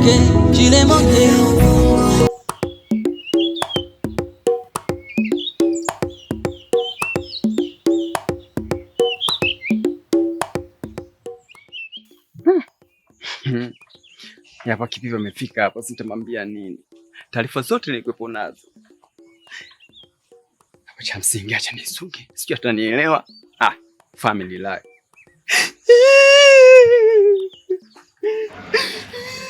manqué, tu l'es Hapa amefika hapa, sitamwambia nini? Taarifa zote nilikuwepo nazo. Hapo cha msingi, acha nisuge, sijui atanielewa. Ah, family life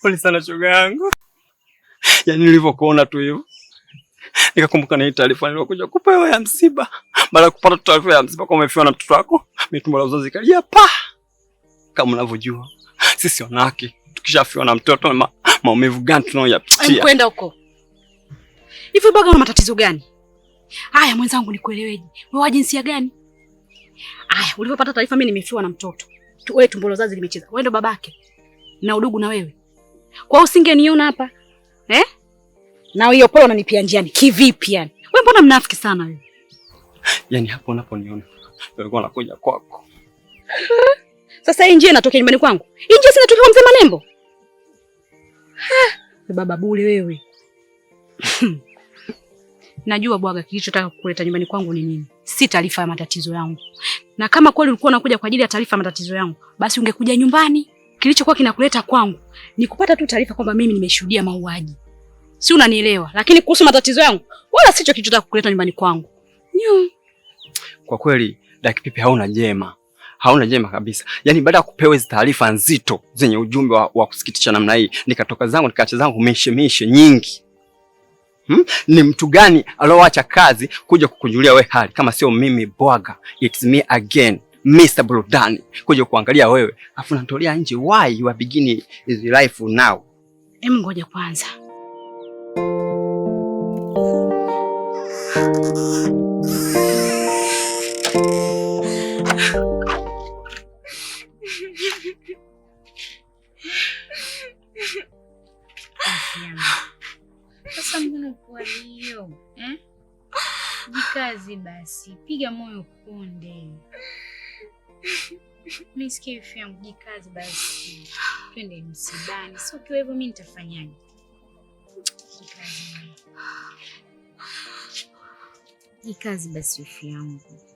Pole sana shoga yangu, yaani nilivyokuona tu hivyo nikakumbuka na hii taarifa nilikuja kupewa ya msiba. Baada ya kupata taarifa ya msiba kwamba umefiwa na mtoto wako, tumbo la uzazi kaja pa. Kama unavyojua sisi wanawake tukishafiwa na mtoto, ma, maumivu gani tunayoyapitia. huko hivi baga, una matatizo gani haya? Mwenzangu, nikueleweje? Wewe wa jinsia gani? Aya, ulipopata taarifa mimi nimefiwa na mtoto. Wewe tumbo la uzazi limecheza. Wewe ndo babake. Na udugu na wewe. Kwa usingeniona hapa. Eh? Na hiyo pole unanipia njiani. Kivipi yani? Wewe mbona mnafiki sana wewe? Yaani hapo unaponiona kwa nakuja kwako. Sasa hii njia inatokea nyumbani kwangu. Hii njia sinatokea kwa mzee Manembo. Ha, baba bule wewe. Najua bwaga, kilichotaka kukuleta nyumbani kwangu ni nini? Si taarifa ya matatizo yangu, na kama kweli ulikuwa unakuja kwa ajili ya taarifa ya matatizo yangu, basi ungekuja nyumbani. Kilichokuwa kinakuleta kwangu ni kupata tu taarifa kwamba mimi nimeshuhudia mauaji, si unanielewa? Lakini kuhusu matatizo yangu, wala sicho kilichotaka kukuleta nyumbani kwangu. Kwa kweli Daki Pipi hauna jema, hauna jema kabisa. Yaani baada ya kupewa hizo taarifa nzito zenye ujumbe wa, wa kusikitisha namna hii, nikatoka zangu nikaacha zangu mishemishe nyingi Hmm? Ni mtu gani alioacha kazi kuja kukunjulia we hali kama sio mimi bwaga, it's me again Mr. Burudani kuja kuangalia wewe, afu natolea nje. Why you are beginning his life now? Em, ngoja kwanza Mbona kwa hiyo eh? Jikazi basi, piga moyo kunde. Nisikie ifu yangu, jikazi basi, twende msibani. Sio kiwa hivyo, mi nitafanyaje? Jikazi, jikazi basi ifu yangu.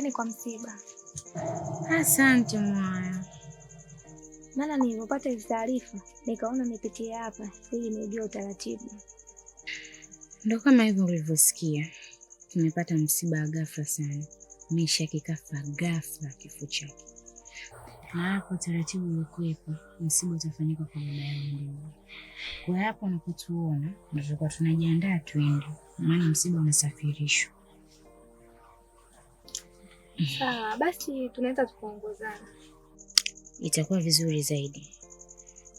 Hongereni kwa msiba. Asante mwaya. Maana nilipopata hizi taarifa nikaona nipitie hapa ili nijue utaratibu. Ndo kama hivyo ulivyosikia, tumepata msiba wa ghafla sana. Misha kikafa ghafla kifo chake, na hapo utaratibu ulikuwepo, msiba utafanyika kwa baba yangu. Kwa hapo nakutuona ndo tulikuwa tunajiandaa twende, maana msiba unasafirishwa Sawa, ah, basi tunaweza tukaongozana, itakuwa vizuri zaidi.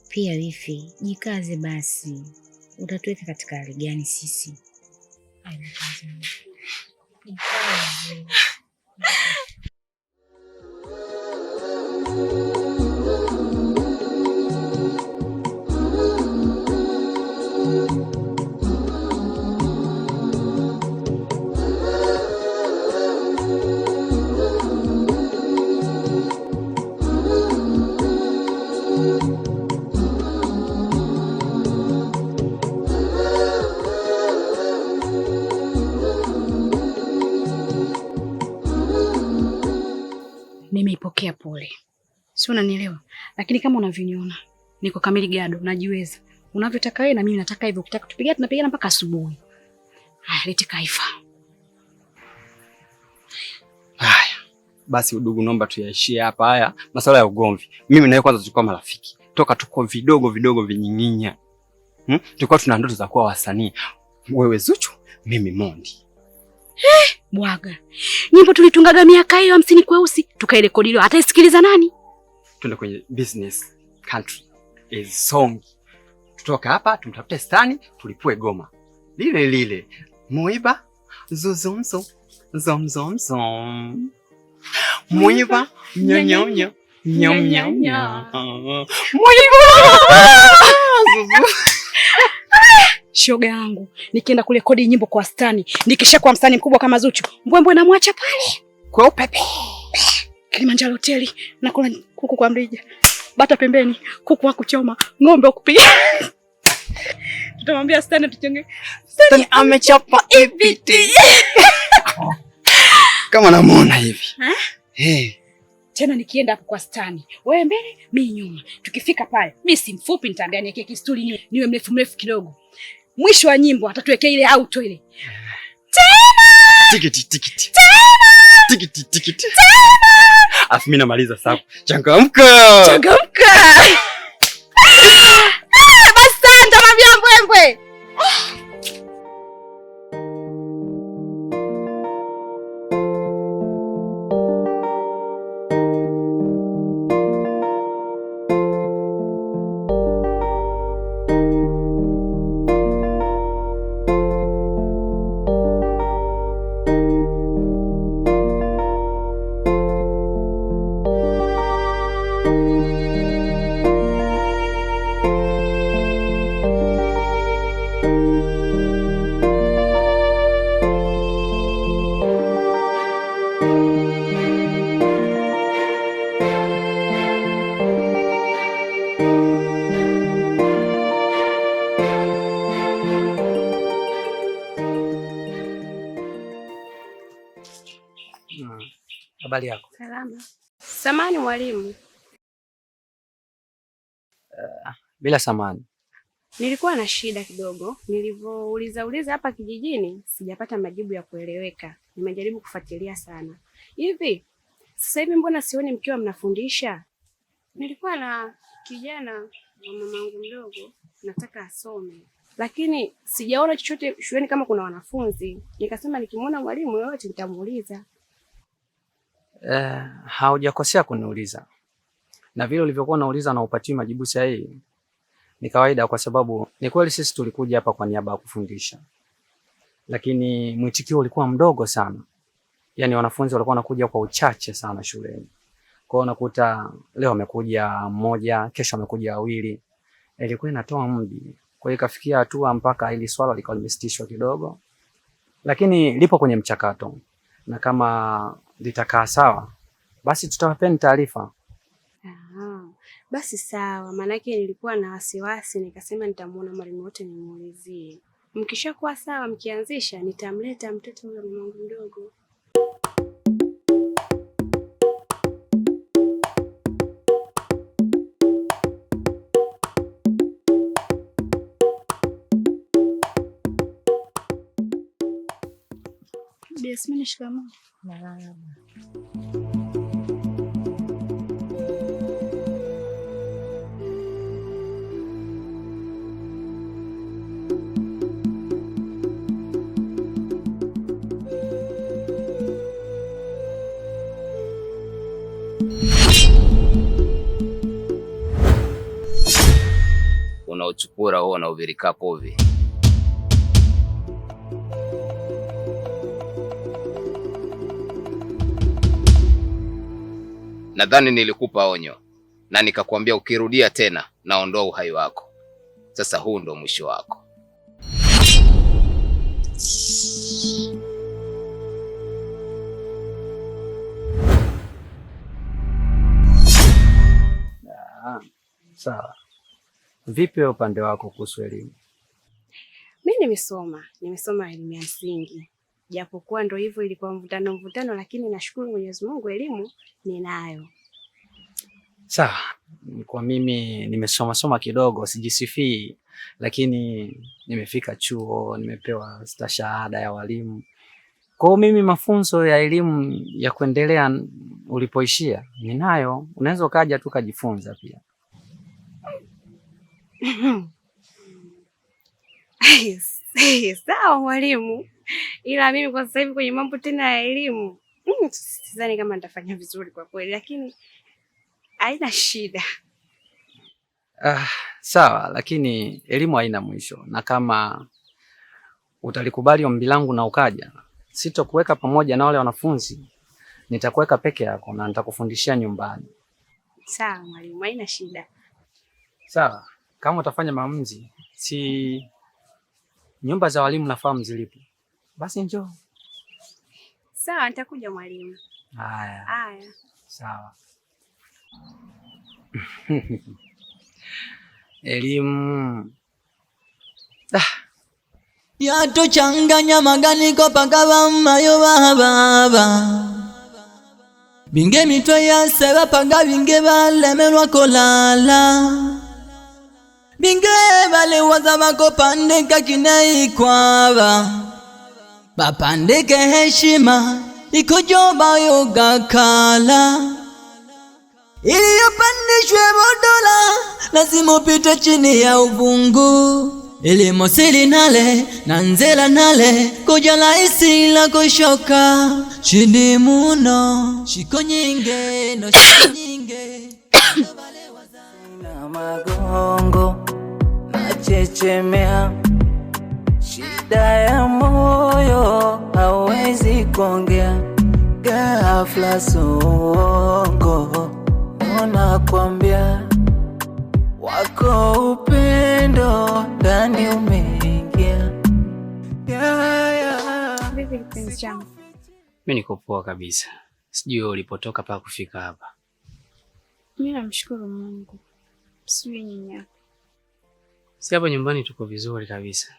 Pia wifi, jikaze basi, utatuweka katika hali gani sisi? unanielewa? Lakini kama unavyoniona niko kamili gado, najiweza. Unavyotaka wewe na mimi nataka hivyo. Ukitaka tupigane tunapigana mpaka asubuhi. Haya, leti kaifa. Haya. Basi udugu, naomba tuyaishie hapa. Haya masuala ya ugomvi, mimi nawe kwanza tulikuwa marafiki toka tuko vidogo vidogo vinyinyinya, hmm? Tulikuwa tuna ndoto za kuwa wasanii, wewe Zuchu, mimi Mondi. Hey, eh, bwaga nyimbo tulitungaga miaka hiyo hamsini kweusi tukairekodi, hata isikiliza nani? tuende kwenye business country is song. Tutoka hapa tumtafute stani tulipue goma lile lile muiba zuzumzu zomzomzo muiba nyonyonyo nyomnyonya muiba shoga yangu, nikienda kule kodi nyimbo kwa stani, nikishakuwa msanii mkubwa kama Zuchu, mbwembwe namwacha pale kwa upepe Kilimanjaro hoteli nakula kuku kwa mrija, bata pembeni, kuku wa kuchoma, ng'ombe wa kupiga. Tutamwambia Stani tuchonge. Stani amechapa EPT. Kama namuona hivi. Tena nikienda hapo kwa Stani, wewe mbele, mimi nyuma. Tukifika pale, mimi si mfupi, nitaambia niweke kisturi niwe, niwe mrefu mrefu kidogo. Mwisho wa nyimbo atatuwekea ile auto ile. Tena. Tikiti tikiti. Tena. Tikiti tikiti. Tena afu mimi namaliza sapo. Changamka. Changamka. Samani mwalimu. Uh, bila samani. Nilikuwa na shida kidogo, nilivyouliza uliza hapa kijijini sijapata majibu ya kueleweka. Nimejaribu kufuatilia sana. Hivi sasa hivi mbona sioni mkiwa mnafundisha? Nilikuwa na kijana wa mamangu mdogo nataka asome, lakini sijaona chochote shuleni kama kuna wanafunzi. Nikasema nikimwona mwalimu yoyote nitamuuliza eh, haujakosea kuniuliza, na vile ulivyokuwa unauliza na upatii majibu sahihi ni kawaida, kwa sababu ni kweli sisi tulikuja hapa kwa niaba ya kufundisha, lakini mwitikio ulikuwa mdogo sana. Yani wanafunzi walikuwa wanakuja kwa uchache sana shuleni, kwa hiyo unakuta leo amekuja mmoja, kesho amekuja wawili, ilikuwa inatoa mji. Kwa hiyo ikafikia hatua mpaka ili swala likawa limesitishwa kidogo, lakini lipo kwenye mchakato na kama litakaa sawa, basi tutawapeni taarifa. Basi sawa, maanake nilikuwa na wasiwasi, nikasema nitamuona mwalimu wote nimuulizie. Mkishakuwa sawa, mkianzisha, nitamleta mtoto huyo mwangu mdogo. Yasmin shiga mun. Unauchukura wao na uvirika kovi Nadhani nilikupa onyo na nikakwambia ukirudia tena naondoa uhai wako. Sasa huu ndo mwisho wako. Sawa. Vipi upande wako kuhusu elimu? mi nimesoma, nimesoma elimu ya msingi japokuwa ndo hivyo, ilikuwa mvutano mvutano, lakini nashukuru Mwenyezi Mungu elimu ninayo. Sawa, kwa mimi nimesoma soma kidogo, sijisifii, lakini nimefika chuo, nimepewa stashahada ya walimu. Kwa hiyo mimi mafunzo ya elimu ya kuendelea ulipoishia ninayo, unaweza ukaja tu kujifunza pia. Sawa mwalimu ila mimi kwa sasa hivi kwenye mambo tena ya elimu mm, sidhani kama nitafanya vizuri kwa kweli, lakini haina shida. Ah, sawa, lakini elimu haina mwisho, na kama utalikubali ombi langu na ukaja, sitokuweka pamoja na wale wanafunzi, nitakuweka peke yako na nitakufundishia nyumbani. Sawa mwalimu, haina shida. Sawa, kama utafanya maamuzi, si nyumba za walimu nafahamu zilipo, basi njoo. Sawa, nitakuja mwalimu. Haya. Haya. Sawa. Elimu Ah. yatuchanganya maganiko pagavammayo baba. binge mitwe ya seba vapaga binge valemelwa kolala binge ko pande kakinai kwaba bapandike heshima ikujobayo gakala iliyopandishwe bodola lazima upite chini ya uvungu ili mosili nale na nzela nale kuja laisi la kushoka chini muno shiko nyinge no shiko nyinge na magongo nachechemea shida ya moyo hawezi kuongea, ghafla songo mona kwambia wako upendo ndani umeingia. Mi niko kabisa, sijui ulipotoka paka kufika hapa. Mi namshukuru Mungu, sijui nyinyi. Si hapa nyumbani tuko vizuri kabisa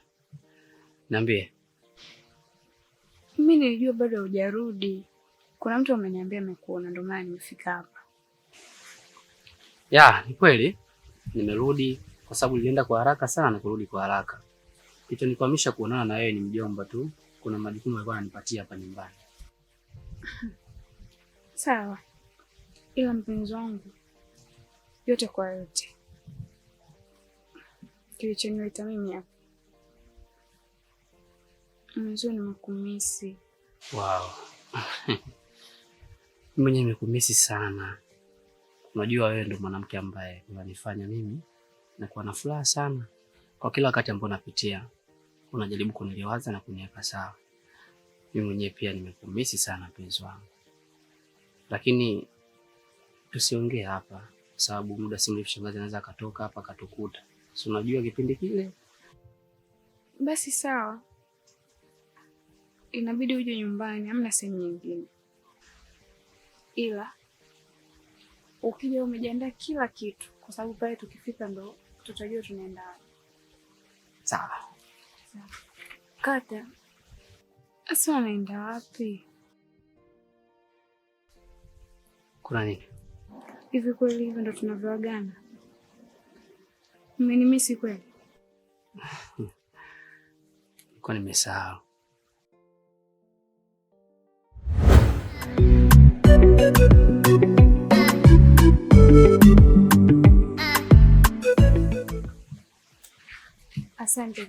Niambie. Mimi nilijua bado hujarudi. Kuna mtu ameniambia amekuona, ndio maana nimefika hapa. Ya, ni kweli nimerudi kwa sababu nilienda kwa haraka sana na kurudi kwa haraka. Kilichonikwamisha kuonana na wewe ni mjomba tu, kuna majukumu alikuwa ananipatia hapa nyumbani. Sawa, ila mpenzi wangu, yote kwa yote, kilichonileta mimi hapa Mwanzo ni mkumisi. Wow. Mwenye nimekumisi sana. Unajua wewe ndio mwanamke ambaye unanifanya mimi nakuwa na furaha sana kwa kila wakati ambao napitia, unajaribu kuniliwaza na kuniweka sawa. Mimi mwenyewe pia nimekumisi sana mpenzi wangu, lakini tusiongee hapa sababu muda si mrefu shangazi anaweza akatoka hapa akatukuta, si unajua kipindi kile. Basi sawa inabidi uje nyumbani, hamna sehemu nyingine. Ila ukija umejiandaa kila kitu, kwa sababu pale tukifika ndo tutajua tunaenda wapi. Sawa kata asa wanaenda wapi? Kuna nini hivi? Kweli hivyo ndo tunavyoagana? Mmenimisi kweli? Kwa nimesahau. Asante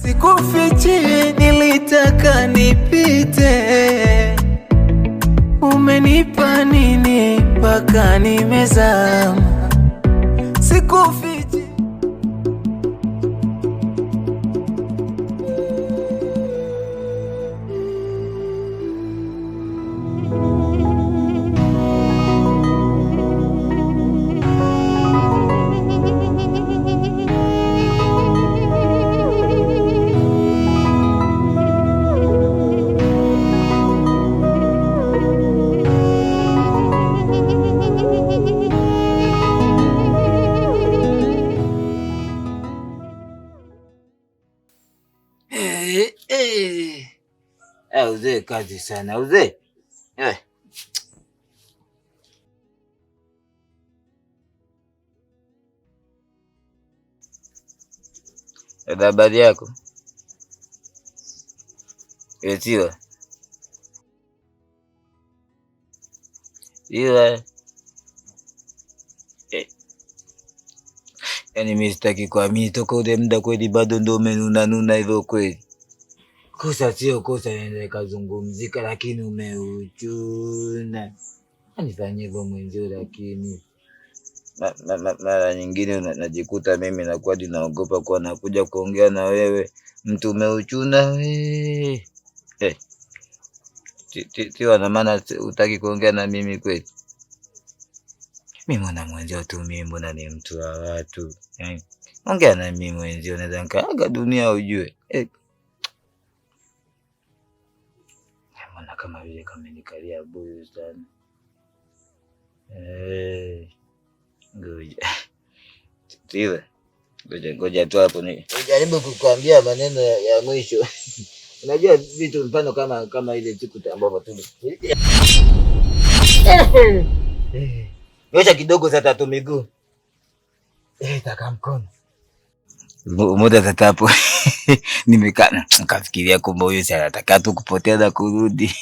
sikufichi, nilitaka nipite. Umenipa nini mpaka nimezama? Sikufichi. kazi sana uzee. Eh. Dada, habari yako? Etiwa ila yaani, mimi sitaki kuamini toka ule muda kweli, bado ndo umenunanuna hivyo kweli kosa sio kosa, naenda ikazungumzika, lakini umeuchuna. Anifanye hivyo mwenzio, lakini mara nyingine najikuta mimi nakuwa ninaogopa kuwa nakuja kuongea na wewe, mtu umeuchuna we eh. tiwa na maana utaki kuongea na mimi kweli. Mi mwana mwenzio tu, mimi mbona ni mtu wa watu, eh. ongea na mimi mwenzio, naweza nikaaga dunia ujue. Eh. kama vile kamenikalia buyu sana. ngoja ngoja ngoja tu hapo ni jaribu kukuambia maneno ya, ya mwisho unajua vitu mfano kama kama ile siku ambapo tu nyosha kidogo za tatu miguu eh, taka mkono muda tatapo nimekaa nikafikiria, kumbe huyu si anataka tu kupotea na kurudi.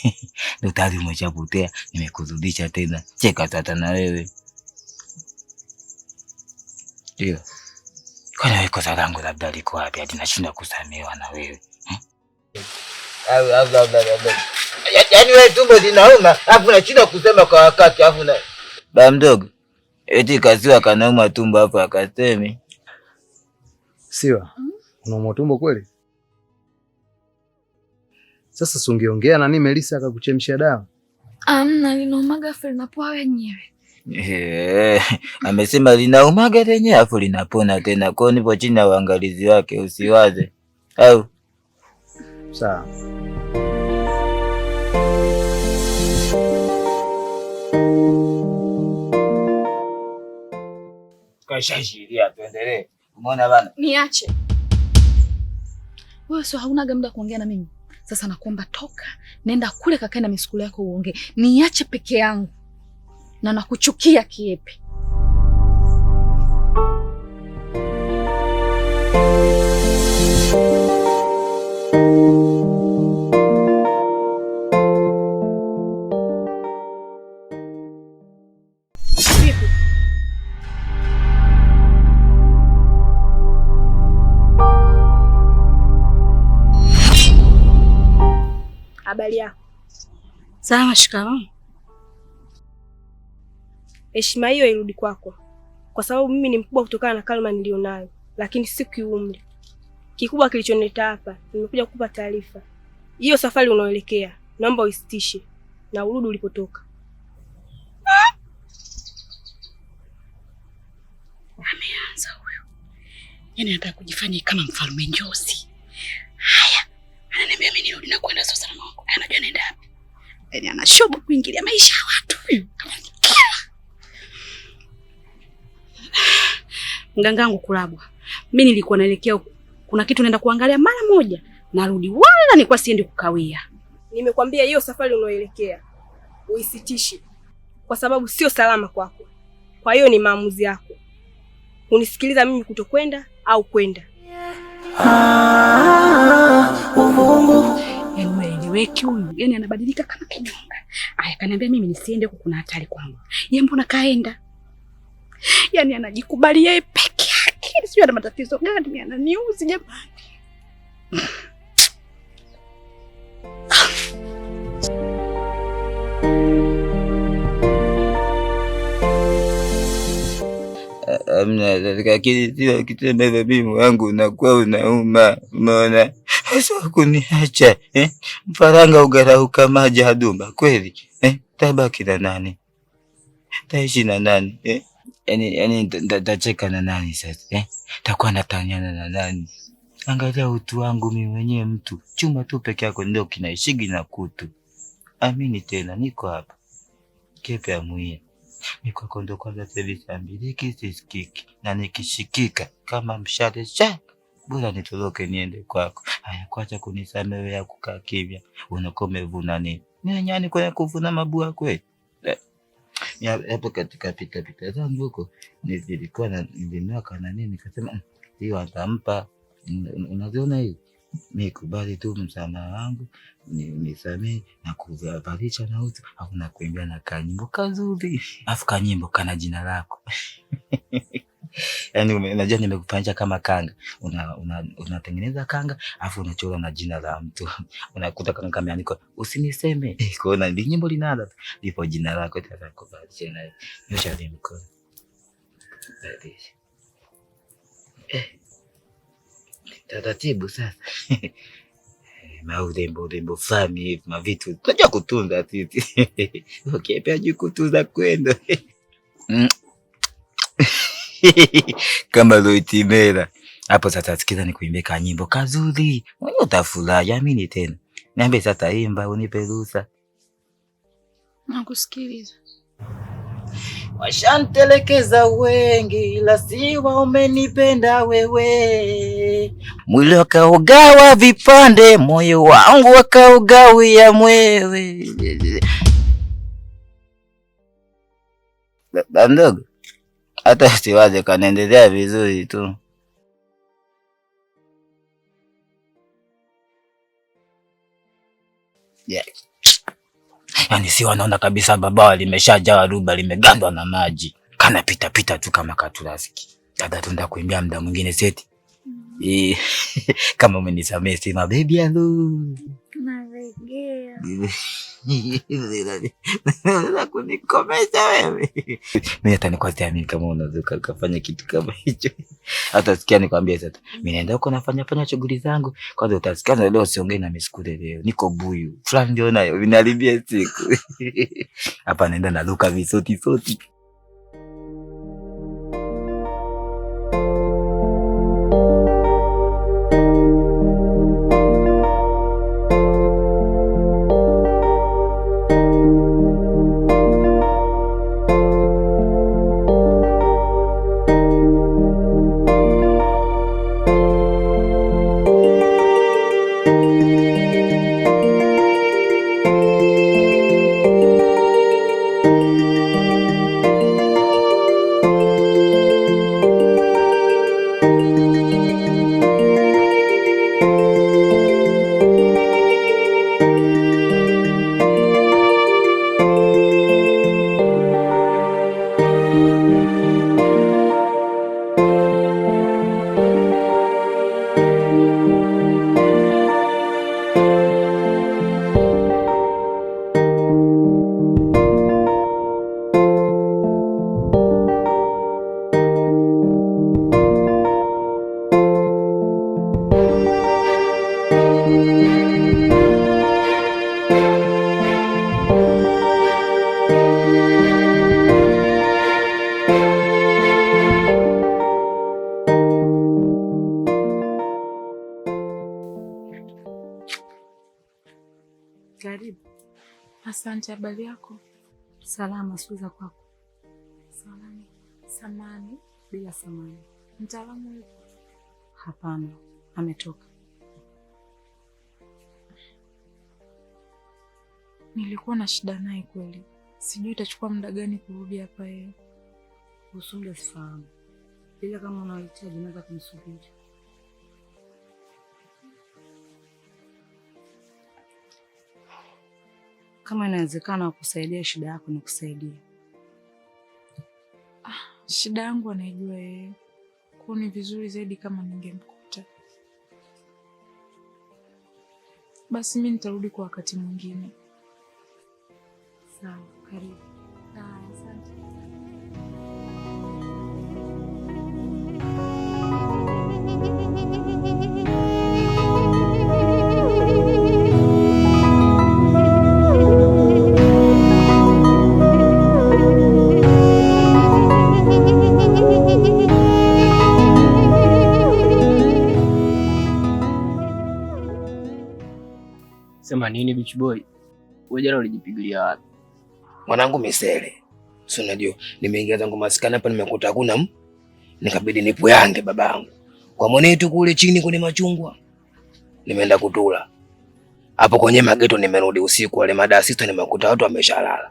Ndio tayari umeshapotea, nimekurudisha tena. Cheka tata na wewe ndio kwani wewe, kosa langu labda liko wapi hadi nashinda kusamehewa na wewe? Yaani wewe tumbo linauma alafu unashinda kusema kwa wakati, afu na baba mdogo eti kaziwa kanauma tumbo hapo akasemi Siwa, mm -hmm. unaumwa tumbo kweli? Sasa sungeongea nani Melisa akakuchemshia dawa? Amna, linaumaga afu linapoa wenyewe. Hey, amesema linaumaga lenyewe afu linapona tena, kwa nipo chini ya uangalizi wake, usiwaze au sawa. Kashashiria, tuendelee Umeona bana? Niache. Wewe sio hauna muda kuongea na mimi. Sasa nakuomba toka, nenda kule kakae na misukule yako uongee. Niache peke yangu. Na nakuchukia kiepe. Salama. Shikamoo. Heshima hiyo irudi kwako, kwa sababu mimi ni mkubwa kutokana na karma nilionayo, lakini si kiumri. Kikubwa kilichonileta hapa, nimekuja kukupa taarifa. Hiyo safari unaoelekea naomba uisitishe na urudi ulipotoka. Ameanza huyo, yaani anataka kujifanya kama mfalme njosi. Yani anashoba kuingilia maisha ya watu huyu. Mganga wangu kulabwa. Mimi nilikuwa naelekea kuna kitu naenda kuangalia mara moja, narudi wala nilikuwa siendi kukawia. Nimekwambia hiyo safari unaoelekea uisitishi kwa sababu sio salama kwako. Kwa hiyo ni maamuzi yako, unisikiliza mimi kutokwenda au kwenda. Ah, ah, ah, uvungu eleweki huyu. yani anabadilika kama kinyonga. Aya, kaniambia mimi nisiende huko kuna hatari kwangu. Ye mbona kaenda? yani anajikubali yeye peke yake. sijui ana matatizo gani ananiuzi jamani. Amna, lakini sio kitendo, bibi yangu, unakuwa unauma, umeona? Hasa kuniacha eh? Mfaranga ugarauka maji hadumba kweli eh? Tabaki na nani? Taishi na nani eh? Yani, yani ntacheka na nani sasa eh? Takuwa natanyana na nani? Angalia utu wangu mimi mwenyewe, mtu chuma tu peke yako ndio kinaishigi na kutu. Amini tena, niko hapa kepe amwia mikwako ndo kwanza, service ambiliki sisikiki na nikishikika kama mshale cha bora nitoroke niende kwako. Haya, kwacha kunisamehe kukaa kimya. Unakuwa umevuna nini? Mimi nyani kwa kuvuna mabua kweli. Hapo eh, katika pita pita zangu huko nilikuwa na nilinoka na nini, nikasema mm, hiyo atampa. Unaziona hii Nikubali tu msamaha wangu, nisamee na kuvavalisha na utu, hakuna kuimbia na kanyimbo kazuri, afu kanyimbo kana jina lako yani unajua nimekufanyisha kama kanga, unatengeneza una, una kanga afu unachora yaani na jina la mtu unakuta kanga kameandikwa usiniseme, kuna ni nyimbo linada lipo jina lako takakubadilisha naye nyosha eh. ni mkono eh, taratibu sasa maurembo urembo fulani hivi mavitu tunajua kutunza sisi ukiepea juu kutunza kwenda mm. kama Loitimera hapo. Sasa sikiza, nikuimbie ka nyimbo kazuri, mwenye utafurahi. Amini tena, niambie sasa, imba unipe ruhusa. Nakusikiliza. Washantelekeza wengi, ila siwa umenipenda wewe. Mwili wakaugawa vipande, moyo wangu wakaugawia mwewe. Baba hata siwaze, kanaendelea vizuri tu. Yeah. Yaani si wanaona kabisa babawa jawa ruba, limegandwa na maji, kana pita pita tu kama katurasiki. Dada, tunda kuimbia muda mwingine seti mm. Eh, kama umenisamee, sema baby hello. Naregea. Unaweza kunikomesha wewe? Mimi hata nikuamini kama unaweza kufanya kitu kama hicho. Hata sikia nikwambie sasa. Mimi naenda huko nafanya fanya shughuli zangu. Kwanza utasikia leo siongei na miskule leo. Niko buyu. Fulani ndio nayo inalibia siku. Hapa naenda naluka visoti soti. Salama. Suza kwako. Salama. Samani bila samani. Mtaalamu yupo? Hapana, ametoka. Nilikuwa na shida naye kweli, sijui itachukua muda gani kurudi hapa. Yeye usule sifahamu, ila kama unahitaji naweza kumsubiri. Kama inawezekana kusaidia shida yako, nikusaidia. Ah, shida yangu anaijua yeye, kwa ni vizuri zaidi kama ningemkuta. Basi mi nitarudi kwa wakati mwingine. Sawa, karibu. Ah, asante. Unasema nini Beach Boy? Wewe jana ulijipigilia wapi? Mwanangu misele. Sio unajua nimeingia zangu maskani hapa nimekuta hakuna nikabidi nipuyange babangu. Kwa mwenetu kule chini kwenye machungwa. Nimeenda kutula. Hapo kwenye mageto nimerudi usiku wale madada madasista nimekuta watu wameshalala.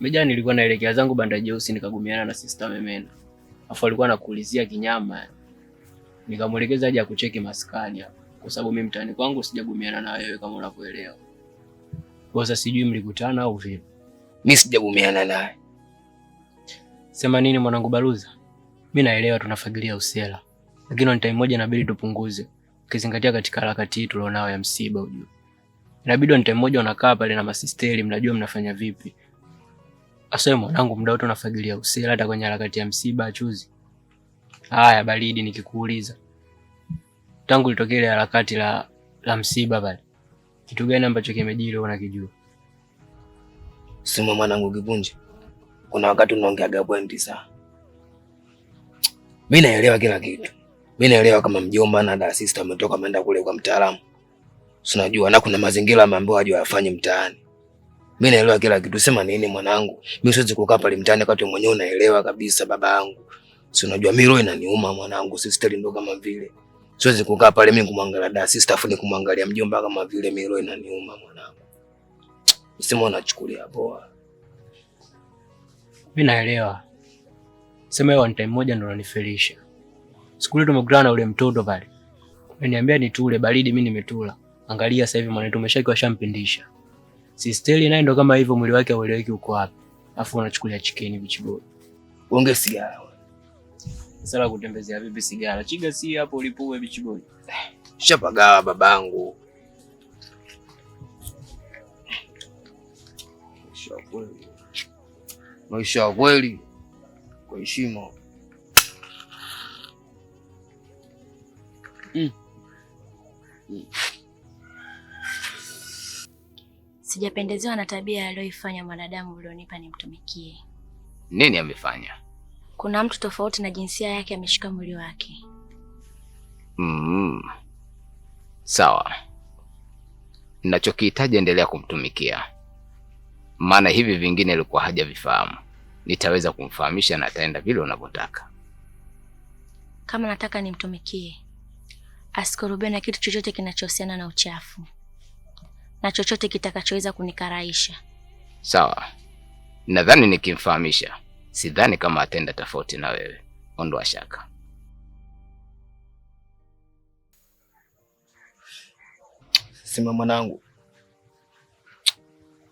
Mjana nilikuwa naelekea zangu banda jeusi nikagumiana na sister Memena. Afu alikuwa anakuulizia kinyama. Nikamuelekeza aje akucheki maskani hapa kwa sababu mimi mtani kwangu sijagumiana na wewe kama unavyoelewa. Sasa sijui mlikutana au vipi? Mimi sijagumiana naye. Sema nini mwanangu Baruza? Mimi naelewa tunafagilia usela. Lakini on time moja inabidi tupunguze. Ukizingatia katika harakati hii tulionao ya msiba ujue. Inabidi on time moja unakaa pale na masisteri mnajua mnafanya vipi. Asema mwanangu muda wote unafagilia usela hata kwenye harakati ya msiba achuzi. Haya baridi nikikuuliza. Tangu litokee harakati la la msiba pale. Kitu gani ambacho kimejiri wewe unakijua? Sema mwanangu Kivunje, kuna wakati unaongeaga pointi sana. Mimi naelewa kila kitu, mimi naelewa kama mjomba na da sister ametoka ameenda kule kwa mtaalamu, sinajua na kuna mazingira ameambiwa aje afanye mtaani. Mimi naelewa kila kitu, sema nini mwanangu, mimi siwezi kukaa pale mtaani wakati mwenyewe unaelewa kabisa. Baba yangu, si unajua mimi roho inaniuma mwanangu, sister ndo kama vile Siwezi kukaa pale mimi kumwangalia da sister afuni kumwangalia mjomba kama vile milo inaniuma mwanangu. Msema unachukulia poa. Mimi naelewa. Sema hiyo one time moja ndo unanifelisha. Siku ile tumegrana na ule mtoto pale. Ameniambia nitule baridi, mimi nimetula. Angalia sasa hivi mwana tumeshakiwa shampindisha. Sisteli naye ndo kama hivyo mwili wake haueleweki uko wapi. Afu unachukulia chikeni bichi boy. Ongea sigara. Sala kutembezea vipi sigara? Chiga si hapo ulipoue bichi boy. Shapagawa babangu. Maisha kweli. Maisha ya kweli. Kwa heshima. Mm. Mm. Sijapendezewa na tabia aliyoifanya mwanadamu ulionipa nimtumikie. Nini amefanya? kuna mtu tofauti na jinsia yake ameshika mwili wake. Mm. Sawa, nachokihitaji endelea kumtumikia, maana hivi vingine alikuwa hajavifahamu. Nitaweza kumfahamisha na ataenda vile unavyotaka. Kama nataka nimtumikie, asikorobia na kitu chochote kinachohusiana na uchafu na chochote kitakachoweza kunikaraisha. Sawa, nadhani nikimfahamisha sidhani kama atenda tofauti na wewe, ondoa shaka. Sema mwanangu,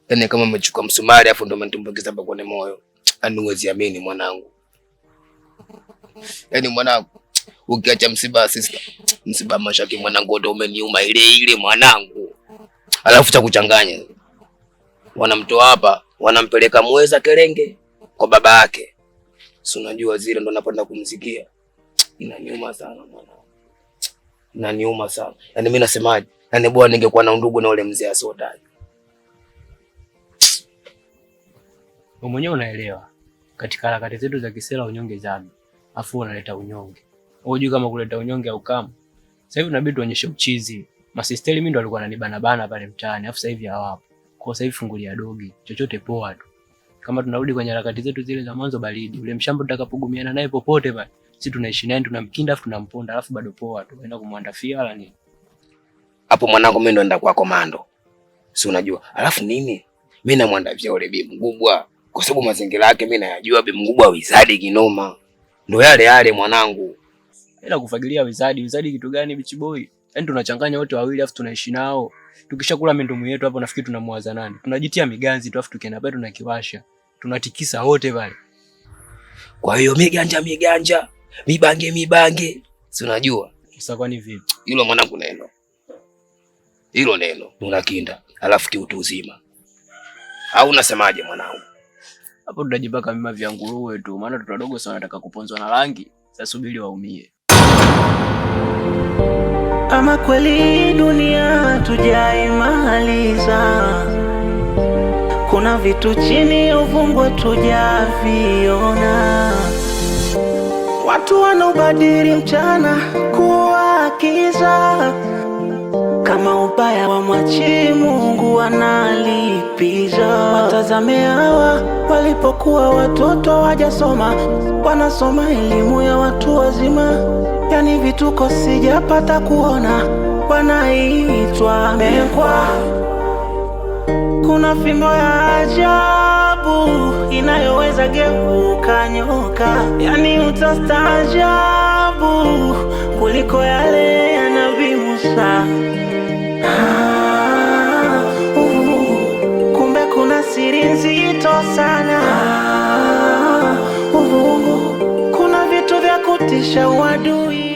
yani kama umechukua msumari afu ndo umenitumbukiza hapa kwenye moyo, yaani huwezi amini mwanangu, yani mwanangu ukiacha msiba sister, msiba mashaki mwanangu, ndo umeniuma ile ile mwanangu, alafu cha kuchanganya wanamtoa hapa wanampeleka mweza Kerenge, kwa baba yake, si unajua zile ndo napenda kumzikia. Inaniuma sana mwana, inaniuma sana yaani, mimi nasemaje, yaani bora ningekuwa na undugu na ule mzee asotaji. Wewe mwenyewe unaelewa, katika harakati zetu za kisera unyonge zabi, afu unaleta unyonge. Unajua kama kuleta unyonge au kama sasa hivi inabidi tuonyeshe uchizi. Masisteri mimi ndo alikuwa ananibana bana pale mtaani, afu sasa hivi hawapo. Kwa sasa hivi fungulia dogi, chochote poa tu kama tunarudi kwenye harakati zetu zile za mwanzo, baridi ule mshamba tutakapogumiana naye popote pale, sisi tunaishi naye, tunamkinda afu tunamponda, alafu bado poa tu kumwanda fia wala nini. Hapo mwanangu, mimi ndo nenda kwa komando, si unajua. Alafu nini, mimi vya ule bibi mkubwa kwa sababu mazingira yake mimi nayajua. Bibi mkubwa wizadi kinoma, ndo yale yale mwanangu, ila kufagilia wizadi. Wizadi kitu gani bichi boy? Yani tunachanganya wote wawili afu tunaishi nao. Tukishakula mendumu yetu hapo, nafikiri tunamwaza nani? Tunajitia miganzi tu afu tukienda pale tunakiwasha tunatikisa wote pale. Kwa hiyo miganja miganja, mibange mibange, si unajua sasa. Kwani vipi hilo mwanangu? Neno hilo neno unakinda, alafu kiutu uzima au unasemaje mwanangu? Hapo tunajipaka mima vya nguruwe tu, maana watoto wadogo sana nataka kuponzwa na rangi. Sasa subiri waumie. Ama kweli dunia tujaimaliza na vitu chini uvungwa tujaviona. Watu wanaobadili mchana kuwa kiza, kama ubaya wa mwachi Mungu wanalipiza. Watazame hawa walipokuwa watoto wajasoma, wanasoma elimu ya watu wazima, yani vituko sijapata kuona, wanaitwa mekwa kuna fimbo ya ajabu inayoweza geuka nyoka, yani utastaajabu kuliko yale ya Ah, uh, kumbe kuna siri nzito sana. Ah, uh, uh, uh kuna vitu vya kutisha uadui